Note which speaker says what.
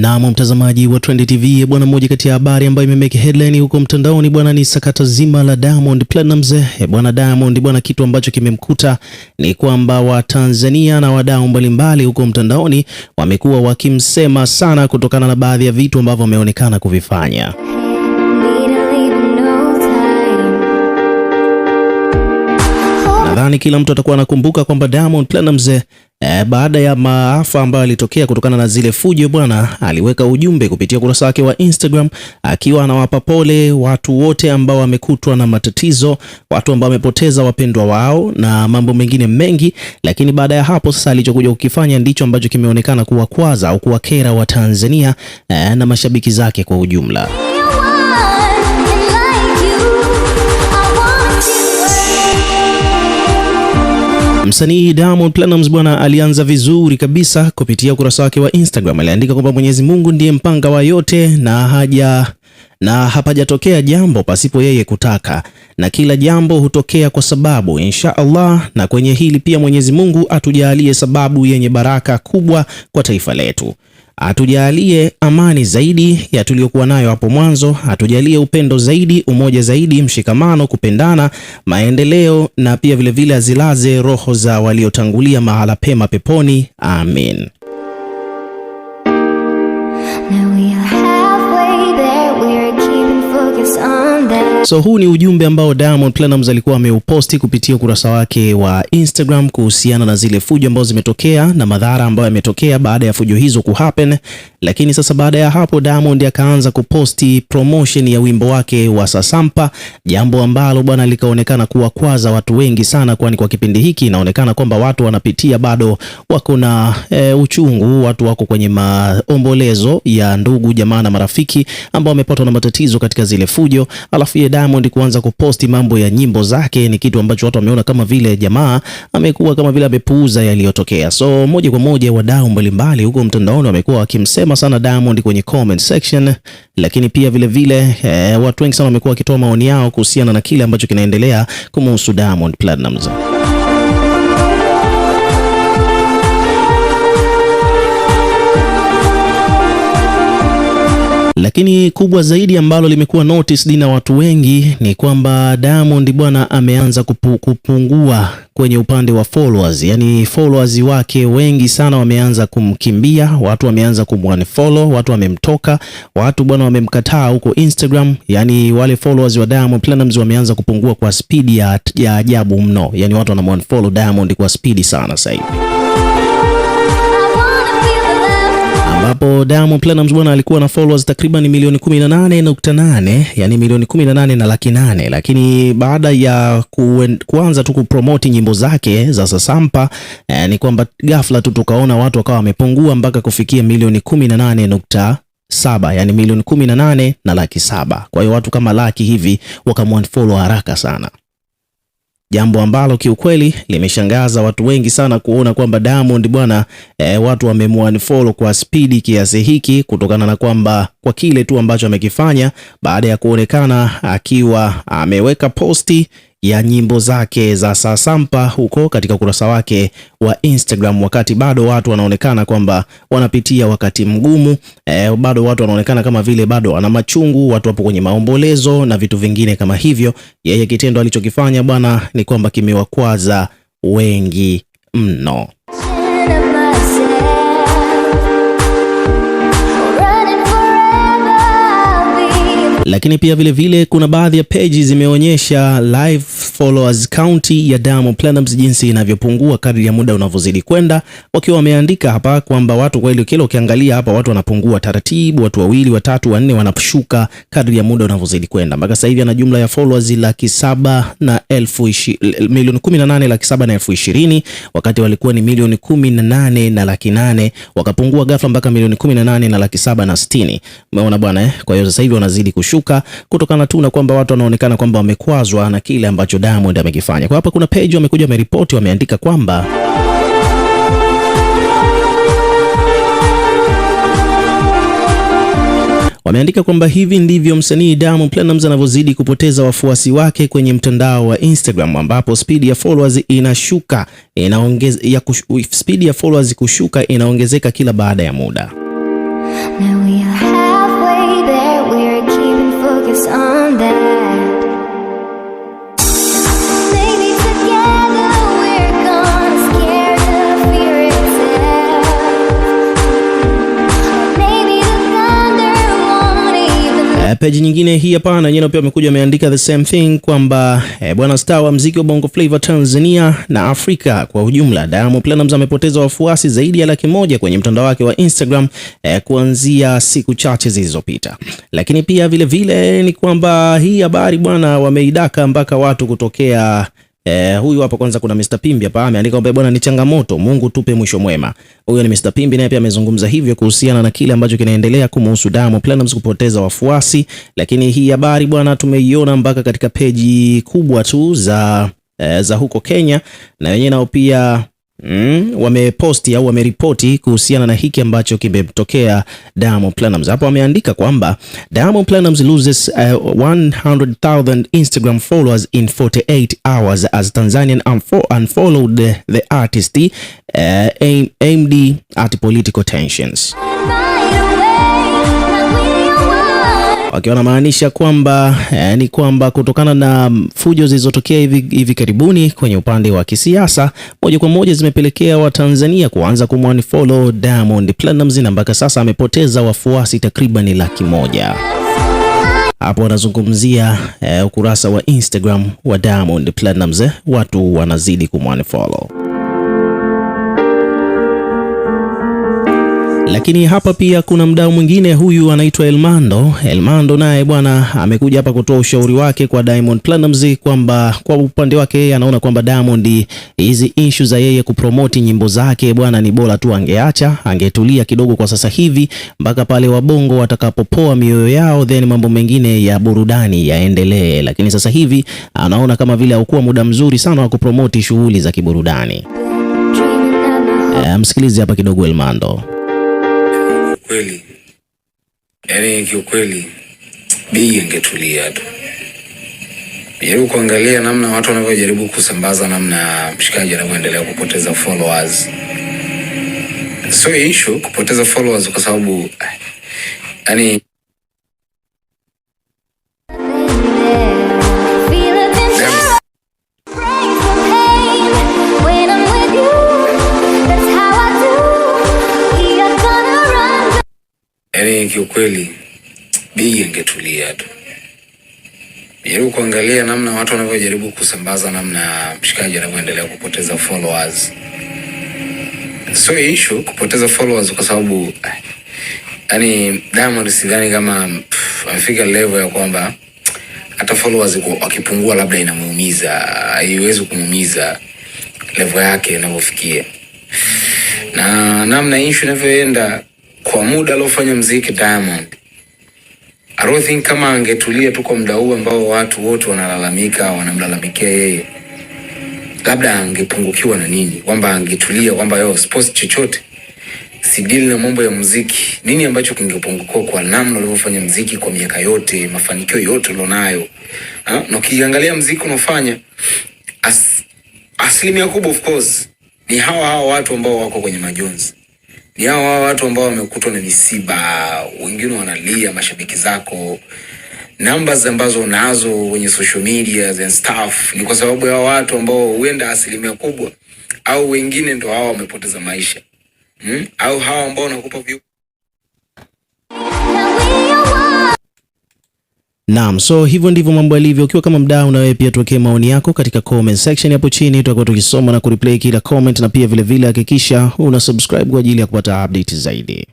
Speaker 1: Naam, mtazamaji wa Trend TV bwana, mmoja kati ya habari ambayo imemeke headline huko mtandaoni bwana ni sakata zima la Diamond Platinumz. Eh, bwana Diamond bwana, kitu ambacho kimemkuta ni kwamba Watanzania na wadau mbalimbali huko mtandaoni wamekuwa wakimsema sana kutokana na baadhi ya vitu ambavyo wameonekana kuvifanya. Nadhani kila mtu atakuwa anakumbuka kwamba Diamond Platinumz eh, E, baada ya maafa ambayo alitokea kutokana na zile fujo bwana, aliweka ujumbe kupitia ukurasa wake wa Instagram akiwa anawapa pole watu wote ambao wamekutwa na matatizo, watu ambao wamepoteza wapendwa wao na mambo mengine mengi. Lakini baada ya hapo sasa, alichokuja kukifanya ndicho ambacho kimeonekana kuwakwaza au kuwakera Watanzania e, na mashabiki zake kwa ujumla. Msanii Diamond Platnumz bwana alianza vizuri kabisa kupitia ukurasa wake wa Instagram. Aliandika kwamba Mwenyezi Mungu ndiye mpanga wa yote na haja na hapajatokea jambo pasipo yeye kutaka, na kila jambo hutokea kwa sababu, insha Allah. Na kwenye hili pia Mwenyezi Mungu atujalie sababu yenye baraka kubwa kwa taifa letu atujalie amani zaidi ya tuliyokuwa nayo hapo mwanzo, atujalie upendo zaidi, umoja zaidi, mshikamano, kupendana, maendeleo na pia vilevile vile azilaze roho za waliotangulia mahala pema peponi. Amin. So huu ni ujumbe ambao Diamond Platnumz alikuwa ameuposti kupitia ukurasa wake wa Instagram kuhusiana na zile fujo ambazo zimetokea na madhara ambayo yametokea baada ya fujo hizo kuhappen, lakini sasa baada ya hapo Diamond akaanza kuposti promotion ya wimbo wake wa Sasampa, jambo ambalo bwana likaonekana kuwakwaza watu wengi sana, kwani kwa kipindi hiki inaonekana kwamba watu wanapitia bado wako na e, uchungu. Watu wako kwenye maombolezo ya ndugu jamaa na marafiki ambao wamepatwa na matatizo katika zile fujo, alafu ye Diamond kuanza kuposti mambo ya nyimbo zake ni kitu ambacho watu wameona kama vile jamaa amekuwa kama vile amepuuza yaliyotokea. So moja kwa moja wadau mbalimbali huko mtandaoni wamekuwa wakimsema wanamsema sana Diamond kwenye comment section, lakini pia vilevile vile, eh, watu wengi sana wamekuwa wakitoa maoni yao kuhusiana na kile ambacho kinaendelea kumhusu Diamond Platnumz. Lakini kubwa zaidi ambalo limekuwa noticed na watu wengi ni kwamba Diamond bwana ameanza kupu, kupungua kwenye upande wa followers. Yani followers wake wengi sana wameanza kumkimbia, watu wameanza kumunfollow, watu wamemtoka, watu bwana wamemkataa huko Instagram. Yani wale followers wa Diamond Platinumz wameanza kupungua kwa spidi ya ajabu mno, yani watu wanamunfollow Diamond kwa spidi sana sasa hivi. ambapo Diamond Platnumz bwana alikuwa na followers takriban milioni 18.8, yani milioni 18 na laki nane, lakini baada ya kuanza tu kupromoti nyimbo zake za Sasampa eh, ni kwamba ghafla tu tukaona watu wakawa wamepungua mpaka kufikia milioni 18 saba yani milioni 18 na laki saba. Kwa hiyo watu kama laki hivi wakamwan follow haraka sana jambo ambalo kiukweli limeshangaza watu wengi sana kuona kwamba Diamond bwana e, watu wamemuunfollow kwa spidi kiasi hiki, kutokana na kwamba kwa kile tu ambacho amekifanya baada ya kuonekana akiwa ameweka posti ya nyimbo zake za Sasampa huko katika ukurasa wake wa Instagram, wakati bado watu wanaonekana kwamba wanapitia wakati mgumu eh, bado watu wanaonekana kama vile bado wana machungu, watu wapo kwenye maombolezo na vitu vingine kama hivyo. Yeye kitendo alichokifanya bwana ni kwamba kimewakwaza wengi mno. Lakini pia vile vile kuna baadhi ya peji zimeonyesha live followers count ya Diamond Platnumz jinsi inavyopungua kadri ya muda unavyozidi kwenda, wakiwa wameandika hapa kwamba watu kweli, kile ukiangalia hapa watu wanapungua taratibu, watu wawili, watatu, wanne wanashuka kadri ya muda unavyozidi kwenda. Mpaka sasa hivi ana jumla ya followers laki saba na elfu milioni kumi na nane laki saba na elfu ishirini wakati walikuwa ni milioni kumi na nane na laki nane wakapungua ghafla mpaka milioni 18 na laki saba na sitini. Umeona bwana eh? Kwa hiyo sasa hivi wanazidi kushuka kushuka kutokana tu na kwamba watu wanaonekana kwamba wamekwazwa na kile ambacho Diamond amekifanya. Kwa hapa kuna page wamekuja wameripoti, wameandika kwamba wameandika kwamba hivi ndivyo msanii Diamond Platnumz anavyozidi kupoteza wafuasi wake kwenye mtandao wa Instagram, ambapo speed ya followers inashuka inaongeze, ya kushu, speed ya followers kushuka inaongezeka kila baada ya muda. focus on that peji nyingine hii hapa na yeye pia wamekuja wameandika the same thing kwamba e, bwana star wa mziki wa Bongo Flava Tanzania na Afrika kwa ujumla, Diamond Platnumz amepoteza wafuasi zaidi ya laki moja kwenye mtandao wake wa Instagram e, kuanzia siku chache zilizopita. Lakini pia vilevile vile, ni kwamba hii habari bwana wameidaka mpaka watu kutokea Eh, huyu hapa kwanza kuna Mr Pimbi hapa ameandika kwamba bwana, ni changamoto, Mungu tupe mwisho mwema. Huyo ni Mr Pimbi, naye pia amezungumza hivyo kuhusiana na kile ambacho kinaendelea kumhusu Diamond Platnumz kupoteza wafuasi, lakini hii habari bwana, tumeiona mpaka katika peji kubwa tu za, eh, za huko Kenya na wenyewe nao pia mm, wameposti au wameripoti kuhusiana na hiki ambacho kimemtokea Diamond Platnumz. Hapo ameandika kwamba Diamond Platnumz loses uh, 100,000 Instagram followers in 48 hours as Tanzanian unfollowed the, the artist uh, aimed at political tensions wakiwa wanamaanisha kwamba eh, ni kwamba kutokana na fujo zilizotokea hivi, hivi karibuni kwenye upande wa kisiasa moja kwa moja zimepelekea Watanzania kuanza kumwanfollow Diamond Platnumz na mpaka sasa amepoteza wafuasi takriban laki moja. Hapo wanazungumzia eh, ukurasa wa Instagram wa Diamond Platnumz, watu wanazidi kumwanfollow. Lakini hapa pia kuna mdau mwingine, huyu anaitwa Elmando. Elmando naye bwana amekuja hapa kutoa ushauri wake kwa Diamond Platnumz kwamba kwa upande wake yeye anaona kwamba Diamond hizi issue za yeye kupromoti nyimbo zake bwana, ni bora tu angeacha, angetulia kidogo kwa sasa hivi mpaka pale wabongo watakapopoa mioyo yao, then mambo mengine ya burudani yaendelee. Lakini sasa hivi anaona kama vile haukuwa muda mzuri sana wa kupromoti shughuli za kiburudani. Eh, msikilize hapa kidogo Elmando
Speaker 2: kiukweli, yani kiukweli, bii ingetulia tu. Jaribu kuangalia namna watu wanavyojaribu kusambaza, namna mshikaji anavyoendelea kupoteza followers. Sio issue kupoteza followers kwa sababu ah, yani kiukweli Bigi ingetulia tu. Jaribu kuangalia namna watu wanavyojaribu kusambaza, namna mshikaji anavyoendelea kupoteza followers. Sio issue kupoteza followers kwa sababu yani Diamond sidhani kama amefika level ya kwamba hata followers wakipungua labda inamuumiza, haiwezi kumuumiza level yake inavyofikia na namna issue inavyoenda kwa muda aliofanya mziki Diamond, I don't think kama angetulia tu kwa muda huu ambao watu wote wanalalamika wanamlalamikia yeye, labda angepungukiwa na nini, kwamba angetulia kwamba yo sports chochote sidili na mambo ya muziki. Nini ambacho kingepungukiwa kwa namna ulivyofanya muziki kwa miaka yote, mafanikio yote ulionayo, ah, na ukiangalia muziki unaofanya as, asilimia kubwa of course ni hawa hawa watu ambao wako kwenye majonzi ni hawa watu ambao wamekutwa na misiba, wengine wanalia, mashabiki zako numbers ambazo unazo kwenye social media and stuff ni kwa sababu ya watu ambao huenda asilimia kubwa au wengine ndo hawa wamepoteza maisha hmm? au hawa ambao wanakupa view
Speaker 1: Naam, so hivyo ndivyo mambo yalivyo. Ukiwa kama mdau, na wewe pia tuwekee maoni yako katika comment section hapo chini, tutakuwa tukisoma na kureplay kila comment, na pia vilevile hakikisha vile una subscribe kwa ajili ya kupata update zaidi.